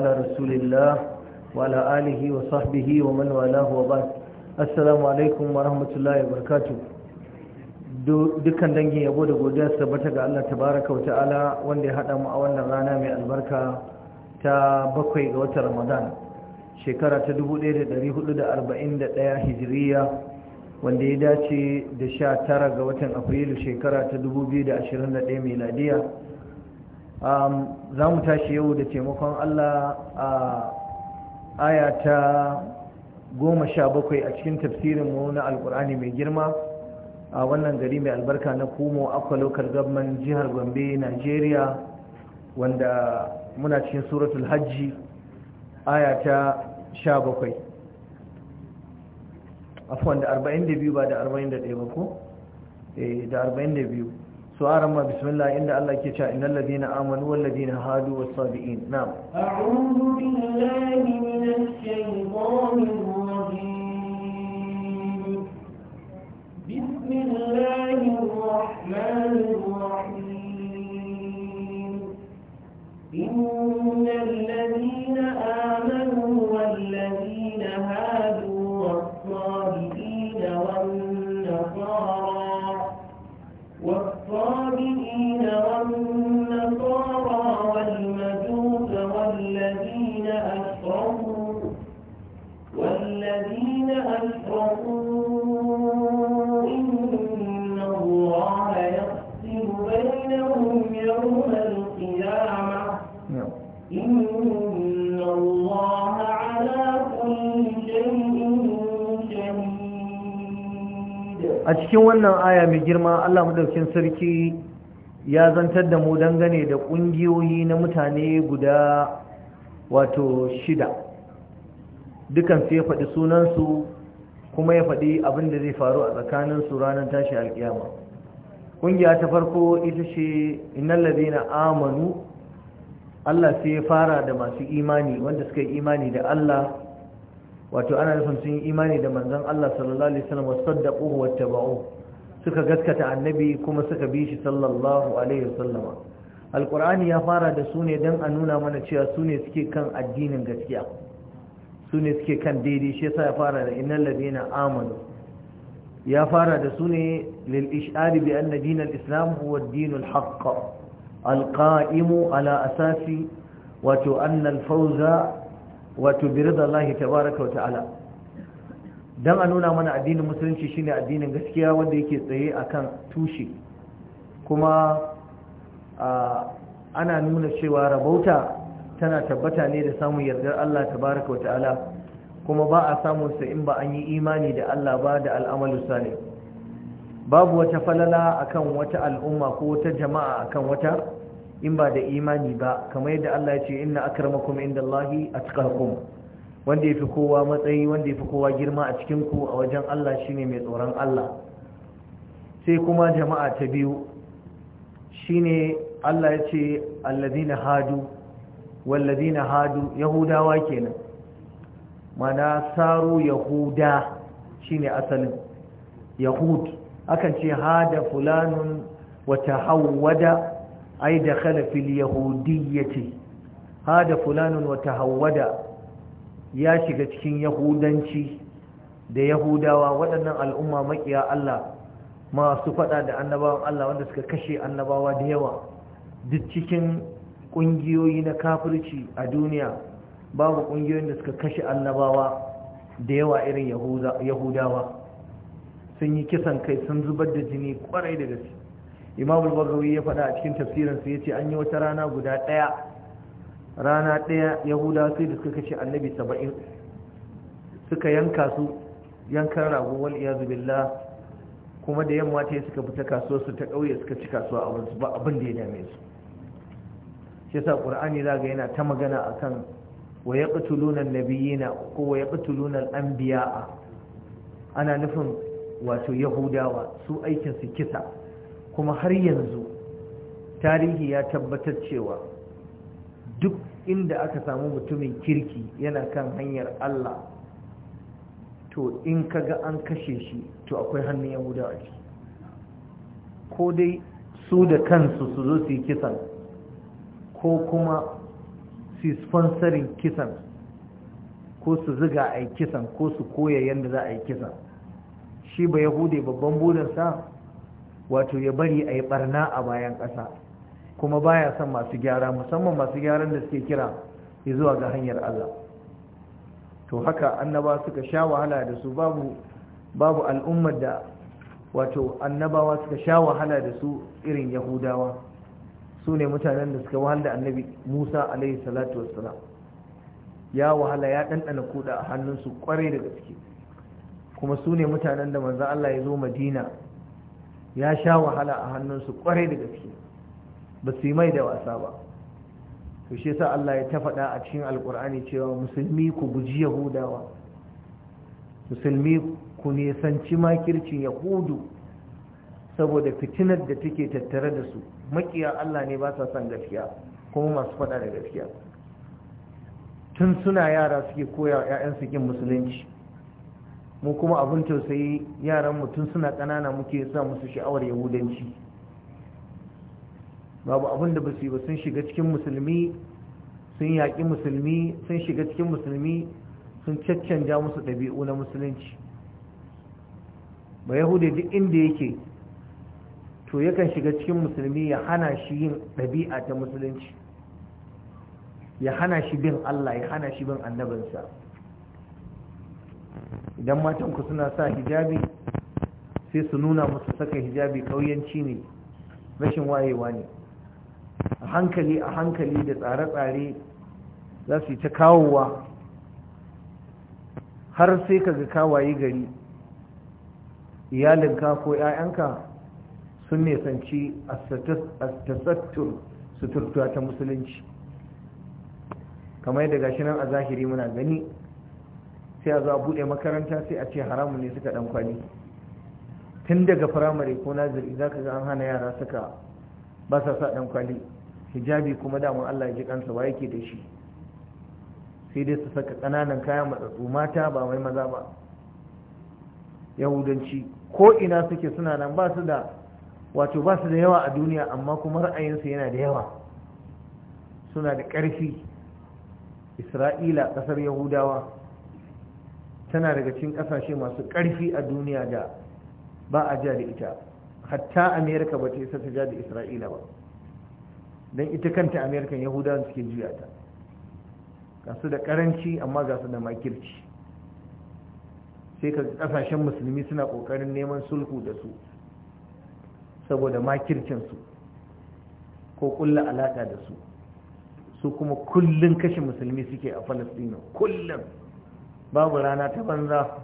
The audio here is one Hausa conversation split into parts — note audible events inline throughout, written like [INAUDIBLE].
على رسول الله وعلى آله وصحبه ومن والاه وبعد السلام عليكم ورحمة الله وبركاته dukkan dangin yabo da godiya su tabbata ga Allah tabaraka wa ta'ala wanda ya haɗa mu a wannan rana mai albarka ta bakwai ga watan Ramadan shekara ta 1441 hijiriya wanda ya dace da 19 ga watan Afrilu shekara ta 2021 miladiya Um, za mu tashi yau da taimakon Allah a aya ta goma sha bakwai a cikin tafsirinmu na alkur'ani mai girma a wannan gari mai albarka na kumo akwa local government jihar gombe nigeria wanda muna cikin suratul hajji aya ta sha bakwai afuwan da biyu ba da ɗaya ba ko eh, da biyu. سؤال ما بسم الله إن الله كيشاء إن الذين آمنوا والذين هادوا والصابئين نعم أعوذ بالله من الشيطان الرجيم بسم الله الرحمن الرحيم a cikin wannan aya mai girma Allah madaukin sarki ya zantar da mu dangane da ƙungiyoyi na mutane guda wato shida dukansu ya faɗi sunansu kuma ya faɗi abin da zai faru a tsakaninsu ranar tashi alƙiyama ƙungiya ta farko ita ce innal ladina amanu Allah sai ya fara da masu imani wanda suka yi imani da Allah wato ana nufin sun yi imani da manzan Allah sallallahu alaihi wasallam wasaddaquhu wattaba'u suka gaskata annabi kuma suka bi shi sallallahu alaihi wasallam alqur'ani ya fara da su ne dan a nuna mana cewa su ne suke kan addinin gaskiya su ne suke kan daidai shi yasa ya fara da innal ladina amanu ya fara da su ne lil ishari bi anna dinal islam huwa ad-dinul haqq alqa'imu ala asasi wato annal fauza wato birda Allah dan a nuna mana addinin musulunci shine addinin gaskiya wanda yake tsaye akan tushe kuma ana nuna cewa rabauta tana tabbata ne da samun yardar Allah tabaraka ta'ala, kuma ba a samun sa in ba an yi imani da Allah ba da al'amalu salih babu wata falala akan wata al'umma ko wata jama'a akan wata in ba da imani ba kamar yadda Allah ya ce inna akramakum indallahi atqakum wanda yafi kowa matsayi wanda yafi kowa girma a cikin ku a wajen Allah shine mai tsoron Allah sai kuma jama'a ta biyu shine Allah ya ce alladhina hadu walladhina hadu yahudawa kenan mana saru yahuda shine asalin yahud akan ce hada fulanun wata Hauwada, ai da khalafil yahudiyyati hada fulanun wata Hauwada ya shiga cikin yahudanci da yahudawa waɗannan al'umma maƙiya Allah masu faɗa da annabawan Allah wanda suka kashe annabawa da yawa duk cikin ƙungiyoyi na kafirci a duniya babu ƙungiyoyin da suka kashe annabawa da yawa irin yahudawa sun yi kisan kai sun zubar da jini kwarai da gaske imam al-bagawi ya faɗa a cikin tafsirinsa ya ce an yi wata rana guda ɗaya rana ɗaya yahuda sai da suka kashe annabi saba'in suka yanka su yankan rago wal iyazu billah kuma da yamma ta suka fita kasuwa su ta ƙauye suka ci kasuwa a wurin ba abin da ya dame su shi yasa qur'ani zaga yana ta magana akan wa yaqtuluna an-nabiyina ko wa yaqtuluna al-anbiya'a ana nufin wato yahudawa su aikinsu kisa kuma har yanzu tarihi ya tabbatar cewa duk inda aka samu mutumin kirki yana kan hanyar Allah to in kaga an kashe shi to akwai hannun yahudawa ce ko dai su da kansu su zo su yi kisan ko kuma su yi sponsorin kisan ko su ziga a yi kisan ko su koya yadda za a yi kisan shi ba yahude babban burinsa wato ya bari a yi barna a bayan ƙasa kuma baya son masu gyara musamman masu gyaran da suke kira ya zuwa ga hanyar Allah to haka annaba suka sha wahala da su babu babu al'ummar da wato annabawa suka sha wahala da su irin yahudawa su ne mutanen da suka wahala da annabi musa alaihi salatu wassalam ya wahala ya ɗanɗana kuɗa a hannunsu ƙwarai da gaske kuma su ne mutanen da manzan Allah ya zo madina ya sha wahala a hannunsu kwarai da gaske ba su yi mai da wasa ba to shi sa Allah ya ta faɗa a cikin alkur'ani cewa musulmi ku guji yahudawa musulmi ku nisanci makircin yahudu saboda fitinar da take tattare da su makiya Allah ne ba sa son gaskiya kuma masu faɗa da gaskiya tun suna yara suke koya 'ya'yansu kin musulunci mu kuma abin tausayi yaran mutum suna ƙanana muke sa musu sha'awar yahudanci babu abin da ba yi ba sun shiga cikin musulmi sun yaƙi musulmi sun shiga cikin musulmi sun caccanja musu ɗabi'u na musulunci ba yahude duk inda yake to yakan shiga cikin musulmi ya hana shi yin ɗabi'a ta musulunci ya hana shi bin allah ya hana shi bin annabinsa idan matanku suna sa hijabi sai su nuna musu saka hijabi ƙauyanci ne rashin wayewa ne a hankali a hankali da tsare-tsare za su yi ta kawowa har sai ka ga kawaye gari iyalinka ko 'ya'yanka sun nesanci a suturtuwa ta musulunci kamar yadda gashi nan a zahiri muna gani sai a zo a buɗe makaranta sai a ce haramun ne suka ɗan kwali tun daga firamare ko naziri za ka ga an hana yara suka ba sa sa ɗan kwali hijabi kuma damar allah ya ji kansa wa yake da shi sai dai su saka ƙananan kayan matsatsu mata ba mai maza ba yahudanci ko ina suke suna nan ba su da wato ba su da yawa a duniya amma kuma ra'ayinsu yana da yawa suna da ƙarfi isra'ila ƙasar yahudawa tana daga cikin kasashe masu karfi a duniya da ba a ja da ita hatta amerika ba ta isa ta ja da isra'ila ba don ita kanta amerika yahudawan suke juya ta ga su da karanci amma ga su da makirci sai ka kasashen musulmi suna kokarin neman sulhu da su saboda makircinsu ko kulla alaka da su su kuma kullum kashe musulmi suke a falastino kullum babu rana ta banza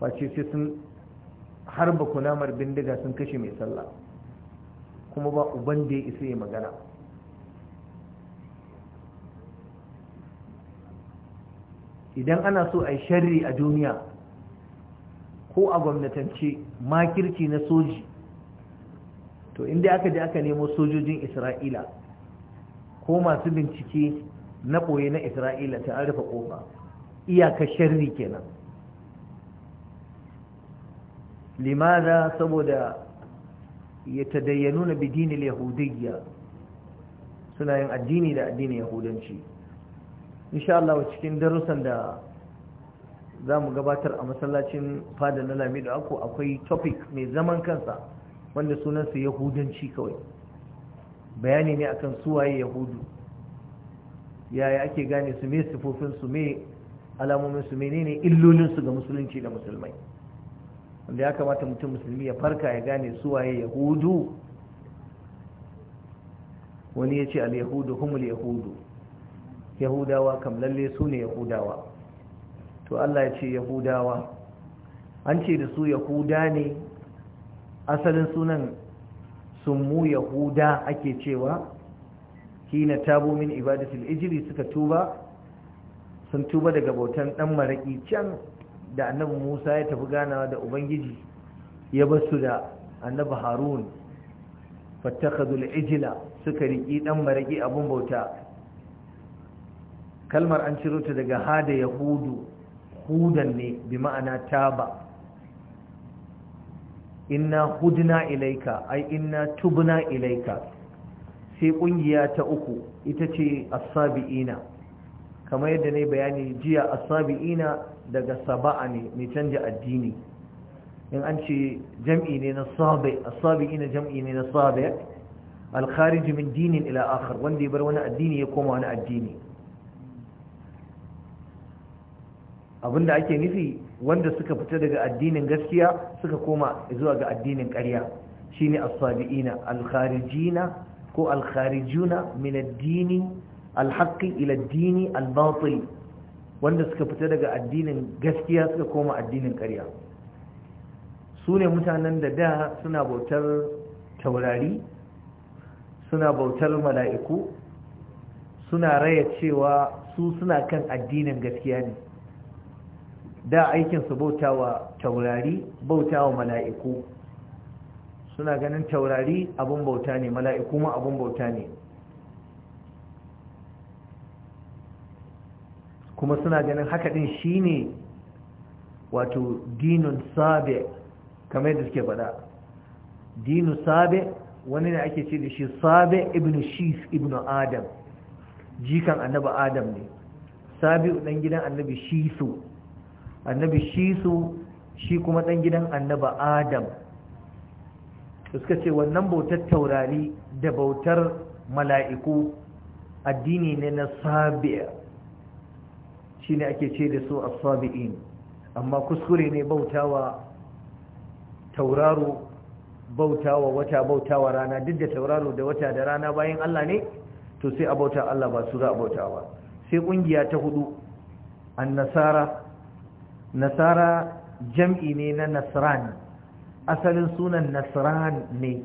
face sai sun harba kunamar bindiga sun kashe mai sallah kuma ba uban da ya isa ya magana idan ana so a yi sharri a duniya ko a gwamnatance makirci na soji to inda aka je aka nemo sojojin isra'ila ko masu bincike na ɓoye na isra'ila ta rufe ƙofa iyaka sharri kenan limaza saboda ya tadayyanu na bidini yahudiyya suna yin addini da addinin yahudanci insha Allah cikin darussan da za mu gabatar a masallacin fada na Lamidu, ako akwai topic mai zaman kansa wanda sunansa yahudanci kawai bayani ne akan suwaye yahudu yaya ake gane su me su me alamomin su menene illolin su ga musulunci da musulmai wanda ya kamata mutum musulmi ya farka ya gane su waye yahudu wani ya ce al-yahudu humul yahudu yahudawa kam lalle su ne yahudawa to Allah ya ce yahudawa an ce da su yahuda ne asalin sunan sumu yahuda ake cewa hina tabo min ibadatul ijri suka tuba sun tuba daga bautan ɗan maraƙi can da annabi musa ya tafi ganawa da ubangiji ya su da annabi harun fattakazul ijila suka riƙi ɗan maraƙi abun bauta kalmar an ciro ta daga hada yahudu hudan ne bi ma'ana taba inna hudna ilaika ai inna tubna ilaika sai kungiya ta uku ita ce as kamar yadda ne bayani jiya asabi'ina daga saba'a ne mai canja addini in an ce jam'i ne na sabi jam'i ne na sabi al min dinin ila akhar wanda ya bar wani addini ya koma wani addini abinda ake nufi wanda suka fita daga addinin gaskiya suka koma zuwa ga addinin karya shine as-sabiina al-kharijina ko al-kharijuna min ad-dini alhaƙi ila dini albatil wanda suka fita daga addinin gaskiya suka koma addinin ƙarya su ne mutanen da da suna bautar taurari suna bautar mala'iku suna raya cewa su suna kan addinin gaskiya ne da aikinsu bautawa taurari bautawa mala'iku suna ganin taurari abin bauta ne mala'iku ma abun bauta ne kuma suna ganin haka din shine wato dinun sabe kamar da suke faɗa dinu sabe wani ne ake ce da shi sabe ibn shif ibn adam jikan annabi adam ne sabi'u dan gidan annabi shisu annabi shisu shi kuma dan gidan annabi adam suka ce wannan bautar taurari da bautar mala'iku addini ne na sabe shine ake ce da su a sabiin amma kuskure ne bautawa tauraro bautawa wata bautawa rana duk da tauraro da wata da rana bayan Allah ne to sai a bauta Allah ba su za a ba. sai ƙungiya ta hudu an-nasara nasara jam'i ne na nasran asalin sunan nasran ne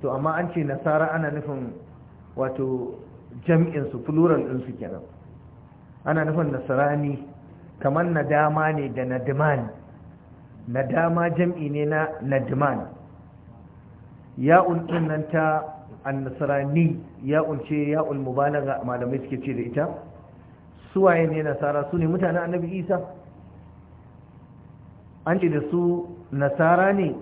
to amma an ce nasara ana nufin wato jam'insu plural ɗinsu kenan ana nufin nasarani kamar nadama ne da nadiman nadama jam'i ne na nadiman ya'un ɗinnan ta annasarani ya'un ce ya'un mubalaga malamai suke ce da ita suwaye ne nasara su ne mutanen annabi isa an ce da su nasara ne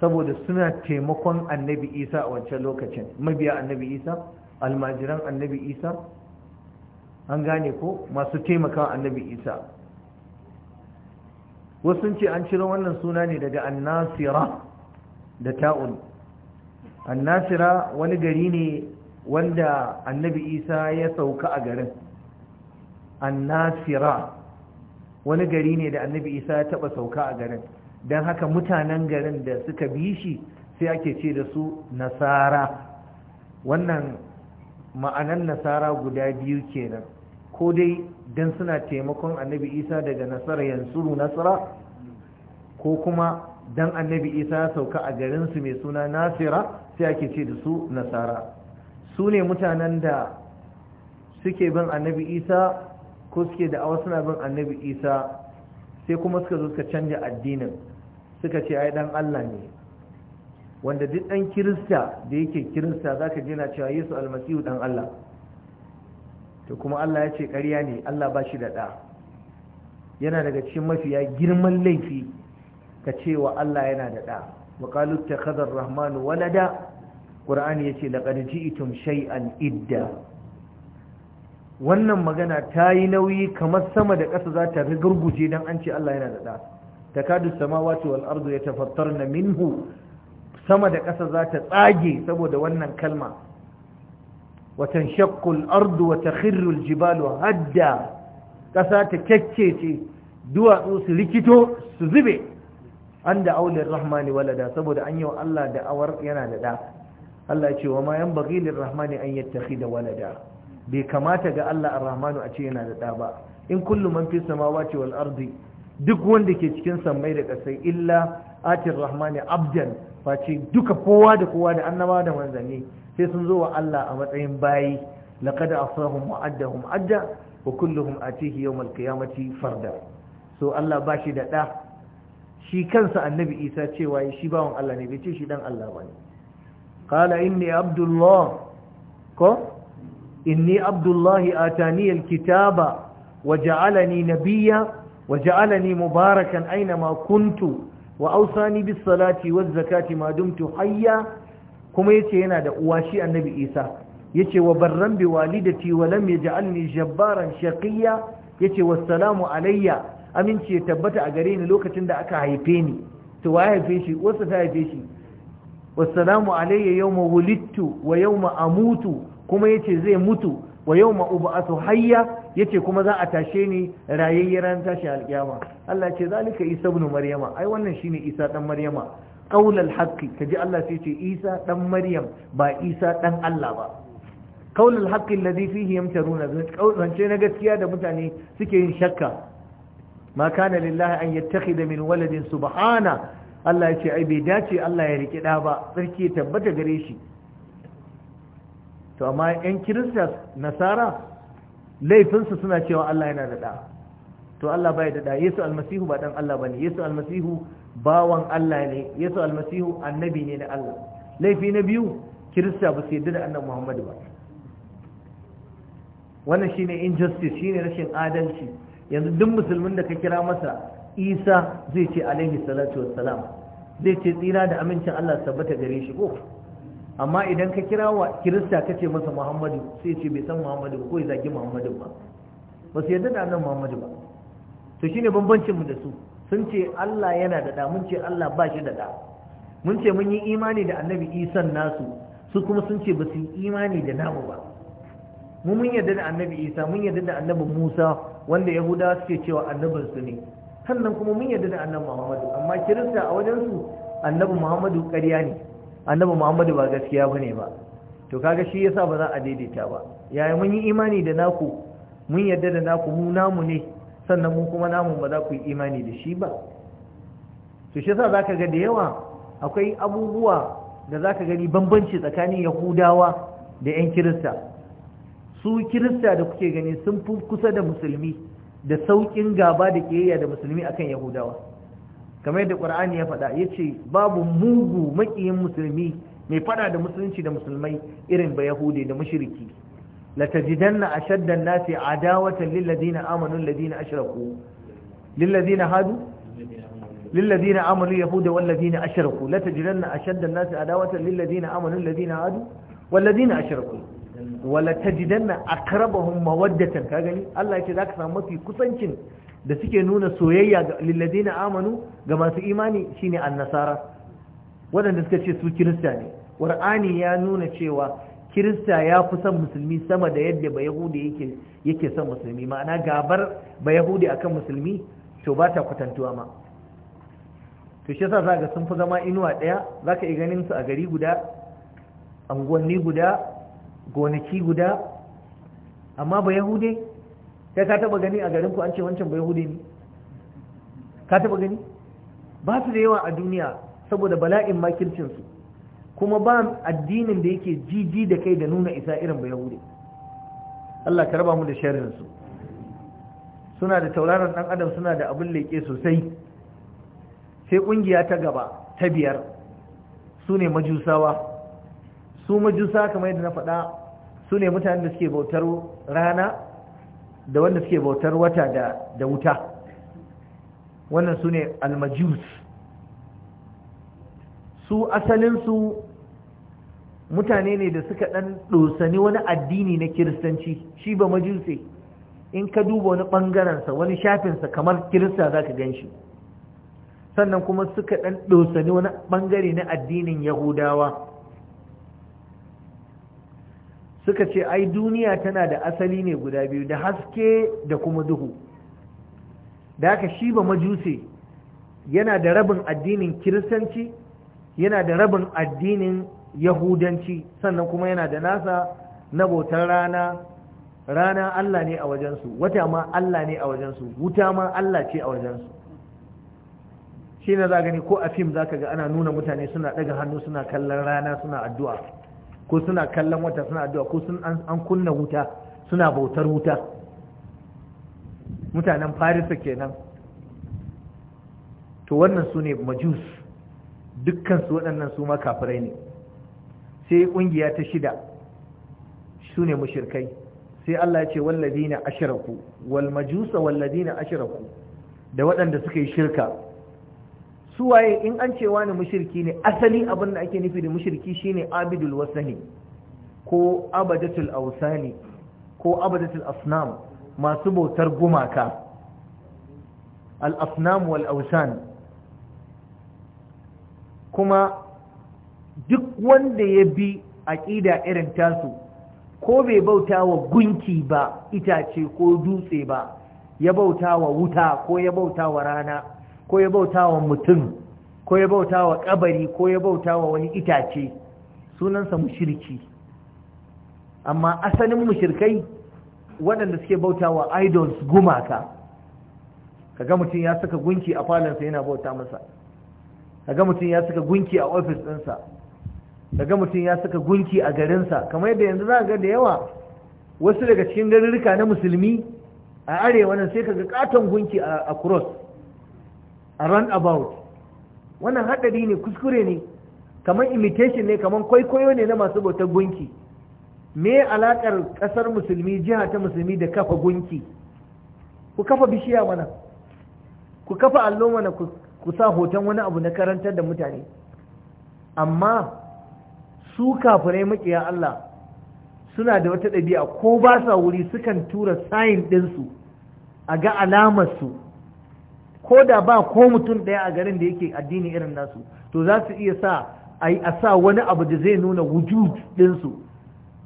saboda suna taimakon annabi isa a wancan lokacin mabiya annabi isa almajiran annabi isa an gane ko masu taimakawa annabi isa wasu ce an ciro wannan suna ne daga annasira da ta'un annasira wani gari ne wanda annabi isa ya sauka a garin annasira wani gari ne da annabi isa ya taba sauka a garin don haka mutanen garin da suka bi shi sai ake ce da su nasara wannan ma'anan nasara guda biyu kenan ko dai don suna taimakon annabi isa daga nasara yansuru nasara ko kuma don annabi isa ya sauka a garinsu mai suna nasira sai ake ce da su nasara su ne mutanen da suke bin annabi isa ko suke da awa suna bin annabi isa sai kuma suka zo suka canja addinin suka ce ai dan allah ne wanda duk dan kirista da yake kirista zaka je na cewa yesu almasihu dan allah to kuma Allah ya ce ƙarya ne Allah ba shi da ɗa yana daga cikin mafiya girman laifi ka ce wa Allah yana da ɗa wa qalu takhadha rahmanu walada qur'ani yace laqad ji'tum shay'an idda wannan magana ta yi nauyi kamar sama da ƙasa za ta rigurguje don an ce Allah yana da ɗa ta kadu samawati wal ya tafattar na minhu sama da ƙasa za ta tsage saboda wannan kalma وتنشق الارض وتخر الجبال هدا كسات ككيتي دوا دوس ليكيتو سوزبي عند اول الرحمن ولدا saboda an yiwa Allah da awar yana da da Allah ya ce wa ma yan bagilir rahmani an yattakhida walada bai kamata ga Allah a arrahmanu a ce yana da da ba in kullum man fi samawati wal ardi duk wanda ke cikin sammai da kasai illa atir rahmani abdan face duka kowa da kowa da annaba da manzanni sai sun zo wa Allah a matsayin bayi laqad asahum wa addahum adda wa kulluhum atihi yawm alqiyamati farda so Allah bashi shi da da shi kansa annabi Isa cewa shi bawon Allah ne bai ce shi dan Allah bane qala inni abdullah ko inni abdullah atani alkitaba وجعلني نبيا وجعلني مباركا أينما كنت wa ausani bis salati waz zakati ma dumtu hayya kuma yace yana da uwa shi annabi Isa yace wa barran bi walidati wa lam yaj'alni jabbaran shaqiyya yace wassalamu alayya aminci ya tabbata a gare ni lokacin da aka haife ni to wa haife shi wasu ta haife shi wassalamu alayya yawma wulidtu wa yawma amutu kuma yace zai mutu wa yawma ub'athu hayya yace kuma za a tashe ni rayayye ran tashi alkiyama Allah ce zalika Isa ibn Maryama ai wannan shine Isa dan Maryama qaulul haqqi kaji Allah sai ce Isa dan Maryam ba Isa dan Allah ba qaulul haqqi alladhi fihi yamtaruna zance na gaskiya da mutane suke yin shakka ma kana lillahi an yattakhidha min waladin subhana Allah ya ce ai bai dace Allah ya riki da ba tsarki tabbata gare shi to amma yan kirista nasara laifinsu suna cewa Allah yana da ɗa to Allah bai da ɗa Yesu almasihu ba ɗan Allah bane Yesu almasihu bawan Allah ne Yesu almasihu annabi ne na Allah laifi na biyu kirista ba su yarda da annabi Muhammadu ba wannan shine injustice shine rashin adalci yanzu duk musulmin da ka kira masa Isa zai ce alaihi salatu wassalam zai ce tsira da amincin Allah tabbata gare shi ko amma idan ka kira wa kirista ka ce masa muhammadu sai ce bai san muhammadu ba ko ya zagi muhammadu ba ba su yarda da annan muhammadu ba to shi bambancin mu da su sun ce Allah yana da da mun ce Allah ba shi da da mun ce mun yi imani da annabi isan nasu su kuma sun ce ba su yi imani da namu ba mu mun yadda da annabi isa mun yadda da annabi musa wanda yahudawa suke cewa su ne sannan kuma mun yadda da annabi muhammadu amma kirista a wajensu annabi muhammadu ƙarya ne annabi muhammadu ba gaskiya ba ne ba to kaga shi yasa ba za a daidaita ba yaya mun yi imani da naku mun yadda da naku mu namu ne sannan mu kuma namu ba za ku yi imani da shi ba to shi yasa zaka ga da yawa akwai abubuwa da zaka gani bambanci tsakanin yahudawa da yan kirista su kirista da kuke gani sun fi kusa da musulmi da saukin gaba da kiyayya da musulmi akan yahudawa kamar da qur'ani ya faɗa ya ce babu mugu makiyin musulmi mai faɗa da musulunci da musulmai irin ba yahudi da mushriki la tajidanna ashadda an-nasi adawatan lil ladina amanu alladina ashraku lil ladina hadu lil ladina amanu yahuda wal ladina ashraku la tajidanna ashadda an-nasi adawatan lil ladina amanu alladina hadu wal ladina ashraku wala tajidanna aqrabahum mawaddatan ka gani Allah yake zaka samu mafi kusancin da suke nuna soyayya ga lilladina amanu ga masu imani shine annasara Wadanda suka ce su kirista ne qur'ani ya nuna cewa kirista ya fi son musulmi sama da yadda ba yahudi yake yake son musulmi ma'ana gabar ba yahudi akan musulmi to ba ta kwatantuwa ma to shi yasa zaka sun fi zama inuwa daya zaka yi ganin su a gari guda anguwanni guda gonaki guda amma ba yahudi kai ka taba gani a garin ku an ce wancan bai hude ne ka taba gani ba su da yawa a duniya saboda bala'in makircin kuma ba addinin da yake jiji da kai da nuna isa irin bai hude Allah ka raba mu da sharinsu. su suna da tauraron dan adam suna da abin leƙe sosai sai ƙungiya ta gaba ta biyar su ne majusawa su majusa kamar yadda na faɗa su ne mutanen da suke bautar rana da wanda suke bautar wata da wuta wannan su ne almajus su asalinsu mutane ne da suka ɗan ɗosani wani addini na kiristanci shi ba majuse in ka duba wani ɓangarensa wani shafinsa kamar kirista za ka gan shi sannan kuma suka dan dosani wani ɓangare na addinin yahudawa suka ce ai duniya tana da asali ne guda biyu da haske da kuma duhu da haka shi ba majuse yana da rabin addinin kiristanci yana da rabin addinin yahudanci sannan kuma yana da nasa na bautar rana rana Allah ne a wajensu wata ma Allah ne a wajensu wuta ma Allah ce a wajensu shi ne za gani ko a fim za ka ga ana nuna mutane suna ɗaga hannu suna kallon rana suna addu'a ko suna kallon wata suna addu'a ko sun an kunna wuta suna bautar wuta mutanen farisa kenan to wannan su ne majus dukkansu waɗannan su ma kafirai ne sai ƙungiya ta shida su ne mushirkai sai Allah ya ce wallazina ashraku wal majusa wallazina ashraku da waɗanda suka yi shirka su waye in an ce wani mushirki ne asali abinda da ake nufi da mushirki shine abidul wasani ko abadatul ausani ko abadatul asnam masu bautar gumaka al asnam wal ausan kuma duk wanda ya bi aƙida irin tasu ko bai bauta wa gunki ba itace ko dutse ba ya bauta wa wuta ko ya bauta wa rana ko ya bauta wa mutum ko ya bauta wa kabari ko ya bauta wa wani itace sunansa mushirki amma asalin mushirkai waɗanda suke bauta wa idols gumaka kaga mutum ya saka gunki a falonsa yana bauta masa kaga mutum ya saka gunki a ofis ɗinsa kaga mutum ya saka gunki a garinsa kamar yadda yanzu za ga da yawa wasu daga cikin garurruka na musulmi a arewa nan sai kaga katon gunki a cross a run about wannan haɗari ne kuskure ne kamar imitation ne kamar kwaikwayo ne na masu bautar gunki me alaƙar ƙasar musulmi jiha ta musulmi da kafa gunki ku kafa bishiya mana ku kafa allo mana ku sa hoton wani abu na karantar da mutane amma su kafirai makiya Allah suna da wata ɗabi'a ko ba sa wuri sukan tura sayin ɗinsu a ga alamarsu ko da ba ko mutum ɗaya a garin da yake addini irin nasu to za su iya sa a yi sa wani abu da zai nuna wujud ɗinsu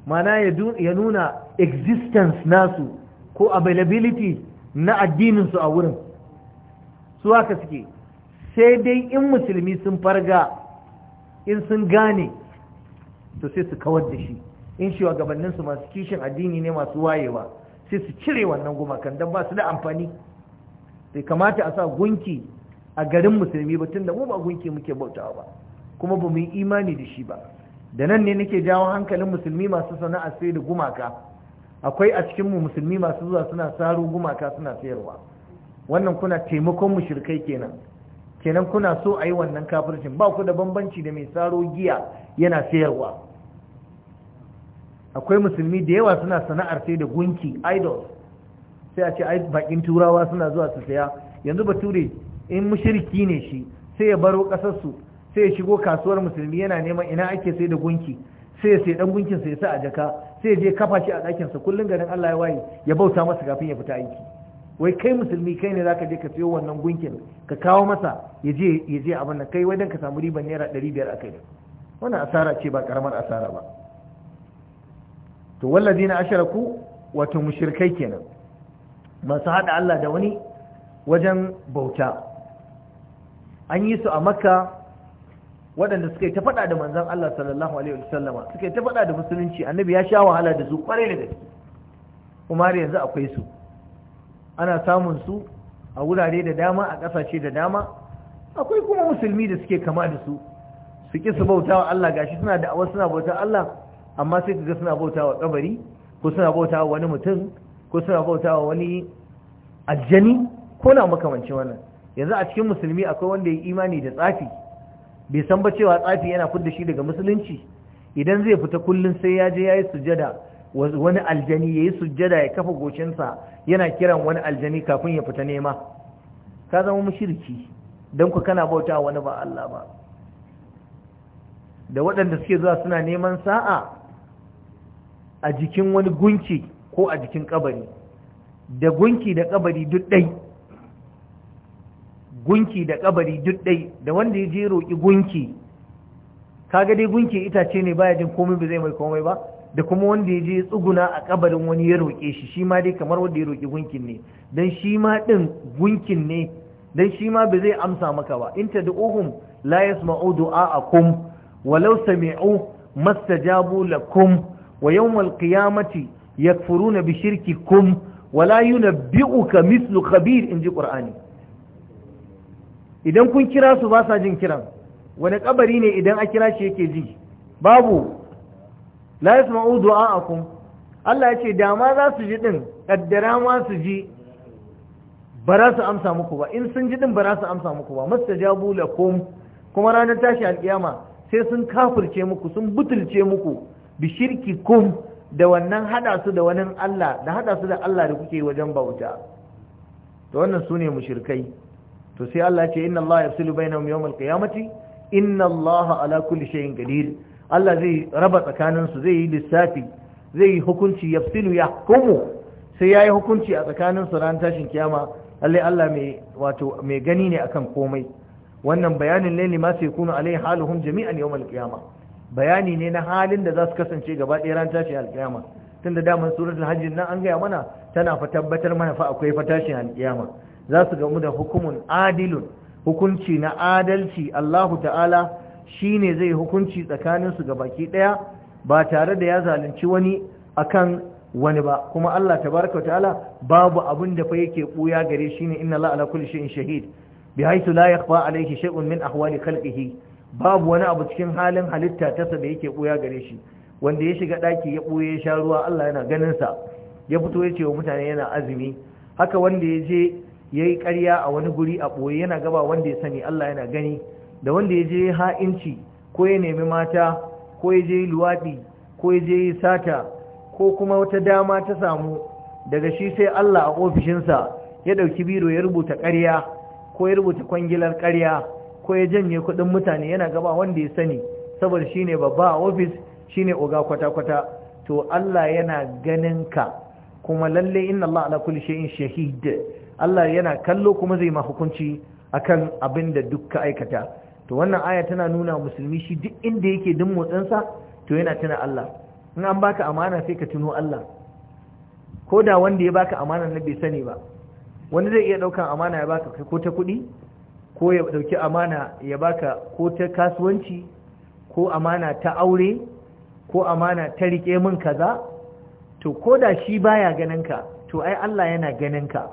mana ya nuna existence nasu ko availability na addininsu a wurin su haka suke sai dai in musulmi sun farga in sun gane to sai su kawar da shi in shugabanninsu masu kishin addini ne masu wayewa sai su cire wannan gumakan don ba su da amfani bai kamata a sa gunki a garin musulmi ba tunda mu ba gunki muke bautawa ba kuma ba mu yi imani da shi ba da nan ne nake jawo hankalin musulmi masu sana'a sai da gumaka akwai a cikin mu musulmi masu zuwa suna saro gumaka suna sayarwa wannan kuna taimakon shirkai kenan kenan kuna so a yi wannan kafircin ba ku da bambanci da mai saro giya yana sayarwa akwai musulmi da yawa suna sana'ar sai da gunki idols sai a ce ai bakin turawa suna zuwa su saya yanzu bature in mushriki ne shi sai ya baro kasarsu sai ya shigo kasuwar musulmi yana neman ina ake sai da gunki sai ya sai dan gunkin sai ya sa a jaka sai ya je kafa shi a dakin sa kullun garin Allah ya waye ya bauta masa kafin ya fita aiki wai kai musulmi kai ne zaka je ka sayo wannan gunkin ka kawo masa ya je ya je abin nan kai wai dan ka samu riban naira 500 akai wannan asara ce ba karamar asara ba to wallazina asharaku wato mushrikai kenan masu haɗa Allah da wani wajen bauta an yi su a makka waɗanda suka yi ta faɗa da manzan Allah sallallahu alaihi wasallama suka yi ta faɗa da musulunci annabi ya sha wahala da su ƙwarai da gaske kuma har yanzu akwai su ana samun su a wurare da dama a ƙasashe da dama akwai kuma musulmi da suke kama da su su ƙi su bauta wa Allah gashi suna da suna bauta Allah amma sai kaga suna bauta wa kabari ko suna bauta wa wani mutum ko suna wa wani aljani ko na makamanci wannan yanzu a cikin musulmi akwai wanda ya imani da tsafi bai san ba cewa tsafi yana fudda shi daga musulunci idan zai fita kullum sai ya je ya yi wani aljani ya yi sujada ya kafa gocinsa yana kiran wani aljani kafin ya fita nema ka zama mushirki don ku kana bauta wani ba Allah ba da waɗanda suke zuwa suna neman sa'a a jikin wani gunki ko a jikin kabari da gunki da kabari duk gunki da kabari duk da wanda ya je roƙi gunki kaga dai gunki itace ne baya jin komai ba zai mai komai ba da kuma wanda ya je tsuguna a kabarin wani ya roƙe shi shi ma dai kamar wanda ya roƙi gunkin ne dan shi ma din gunkin ne dan shi ma ba zai amsa maka ba da uhum la yasma'u du'a'akum walau sami'u mastajabu lakum wa yawmal qiyamati yakfuruna bi kum wala yunabbi'uka mislu khabir inji qur'ani idan kun kira su ba sa jin kiran wani kabari ne idan a kira shi yake ji babu la yasma'u du'a'akum Allah ya ce da ma za su ji din kaddara ma su ji ba za su amsa muku ba in sun ji din ba za su amsa muku ba mustajabu lakum kuma ranar tashi alkiyama sai sun kafirce muku sun butulce muku bi kum. da wannan hada su da wani Allah da hada su da Allah da kuke wajen bauta to wannan ne mushrikai to sai Allah ce inna Allah yafsilu bainahum yawmal qiyamati inna Allah ala kulli shay'in qadir Allah zai raba tsakanin su zai yi lissafi zai yi hukunci yafsilu yahkumu sai yayi hukunci a tsakanin su ran tashin kiyama lalle Allah mai wato mai gani ne akan komai wannan bayanin laili ma sai kunu alai haluhum jami'an yawmal qiyamah bayani ne na halin da za su kasance gaba ɗaya ran tashin alƙiyama tun da daman suratul hajji nan an gaya mana tana fa tabbatar mana fa akwai fa tashin alƙiyama za su gamu da hukumun adilun hukunci na adalci Allahu ta'ala shine zai hukunci tsakanin su baki ɗaya ba tare da ya zalunci wani akan wani ba kuma Allah tabaraka ta'ala babu abin da fa yake buya gare shi ne inna la ala kulli shay'in shahid bi haythu la yakhfa alayhi shay'un min ahwali khalqihi babu wani abu cikin halin halitta tasa da yake ɓuya gare shi wanda ya shiga ɗaki ya ɓuya ya sha ruwa Allah yana ganinsa ya fito ya ce wa mutane yana azumi haka wanda ya je ya yi ƙarya a wani guri a ɓoye yana gaba wanda ya sani Allah yana gani da wanda ya je ya ha'inci ko ya nemi mata ko ya je luwaɗi ko ya je sata ko kuma wata dama ta samu daga shi sai Allah a ofishinsa ya ɗauki biro ya rubuta ƙarya ko ya rubuta kwangilar ƙarya ko ya janye kuɗin mutane yana gaba wanda ya sani saboda shine babba a ofis shine oga kwata-kwata to Allah yana ganin ka kuma lalle inna Allah ala kulli shay'in shahid Allah yana kallo kuma zai ma hukunci akan abin da dukka aikata to wannan aya tana nuna musulmi shi duk inda yake din motsin sa to yana tuna Allah in an baka amana sai ka tuno Allah ko da wanda ya baka amana na bai sani ba wani zai iya daukan amana ya baka kai ko ta kuɗi ko ya dauki amana ya baka ko ta kasuwanci ko amana ta aure ko amana ta rike min kaza to ko da shi baya ganin ka to ai Allah yana ganin ka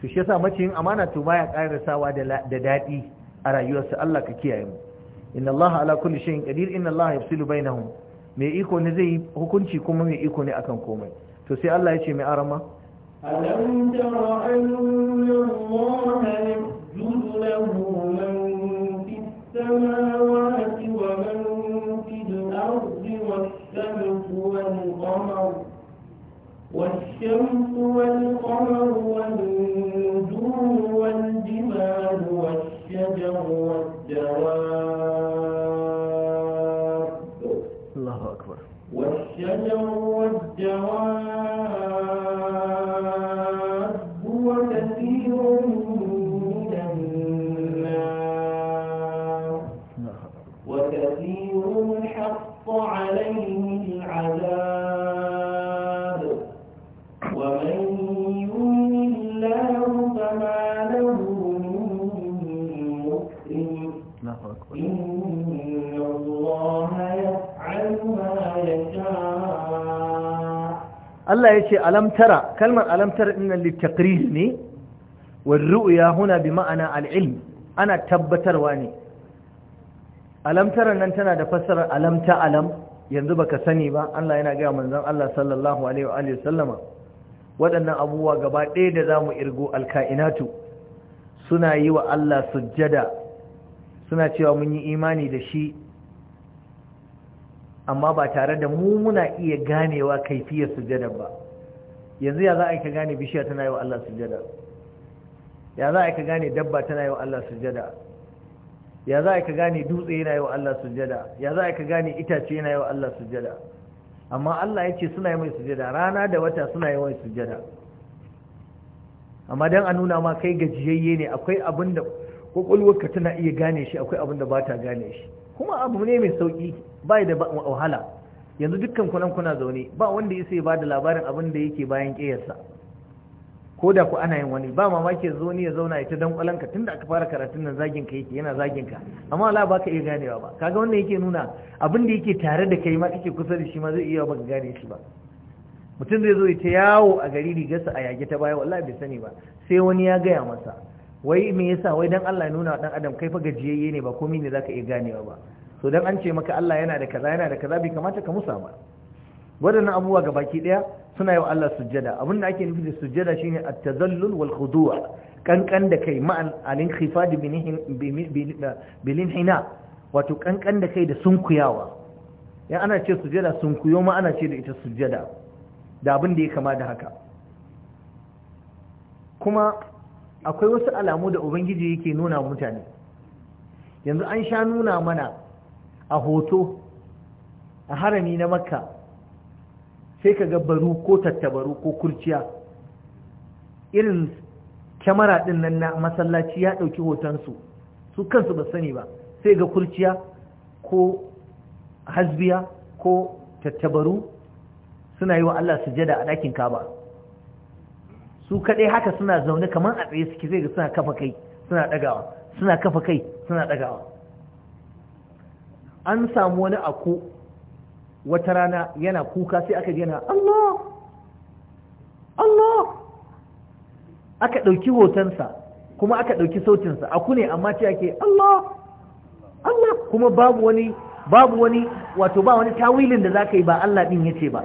to shi yasa mace yin amana to baya sawa da dadi a rayuwarsa Allah ka kiyaye mu inna Allah ala kulli shay'in qadir inna Allah yafsilu bainahum mai iko ne zai hukunci kuma mai iko ne akan komai to sai Allah ya ce mai arama ألم الله يسجد له من في السماوات ومن في الأرض والشمس والقمر والشجر والدواب الله أكبر والشجر والدواب Allah ya ce alamtara kalmar alamtara ɗin nan littakrir ne warru'ya huna bi ma'ana al'ilm ana tabbatarwa ne alamtara nan tana da fassarar alamta alam yanzu baka sani ba Allah yana gaya manzon Allah sallallahu alaihi wa sallama waɗannan abubuwa gaba ɗaya da za mu irgo alka'inatu suna yi wa Allah sujjada suna cewa mun yi imani da shi amma ba tare da mu muna iya ganewa kaifiyar sujada ba yanzu ya za a yi ka gane bishiya tana yi wa Allah sujada ya za a yi ka gane dabba tana yi wa Allah sujada ya za a yi ka gane dutse yana yi wa Allah sujada ya za a yi ka gane itace yana yi wa Allah sujada amma Allah ya ce suna yi mai sujada rana da wata suna yi mai sujada amma don a nuna ma kai gajiyayye ne akwai abin da kwakwalwarka tana iya gane shi akwai abin da ba ta gane shi kuma abu ne mai sauki ba da wahala yanzu dukkan kunan kuna zaune ba wanda ya sai ba da labarin abin da yake bayan ƙeyarsa ko da ku ana yin wani ba mamaki ya ya zauna ya ta kwalanka tun da aka fara karatun nan zagin ka yake yana zagin ka amma Allah ba ka iya ganewa ba kaga wannan yake nuna abin da yake tare da kai ma kake kusa da shi ma zai iya baka gane shi ba mutum zai zo ya ta yawo a gari rigarsa a yage ta baya wallahi bai sani ba sai wani ya gaya masa wai me yasa wai dan Allah ya nuna wa dan adam kai fa gajiyayye ne ba komai ne zaka iya ganewa ba so dan an ce maka Allah yana da kaza yana da kaza bai kamata ka musa ba wadannan abubuwa ga baki daya suna yi wa Allah sujjada abin da ake nufi da sujjada shine at-tazallul wal khudu' kankan da kai ma'an al-inkhifad bilin hina wato kankan da kai da sunkuyawa ya ana ce sujjada sunkuyo ma ana ce da ita sujjada da abin da ya kama da haka kuma akwai wasu alamu da ubangiji yake nuna mutane yanzu an sha nuna mana a hoto a harami na makka sai ka baru ko tattabaru ko kurciya irin kyamara din nan na masallaci ya ɗauki hotonsu su kansu ba sani ba sai ga kurciya ko hasbiya ko tattabaru suna yi wa Allah sujada a ɗakin kaba su kaɗai haka suna zaune kamar a tsaye suke zai ga suna kafa kai suna ɗagawa. suna kafa kai suna ɗagawa an samu wani ako wata rana yana kuka sai aka yana Allah Allah aka ɗauki hotonsa kuma aka ɗauki sautinsa aku ne amma ce ake Allah Allah kuma babu wani babu wani wato ba wani tawilin da za ka yi ba Allah ɗin ya ce ba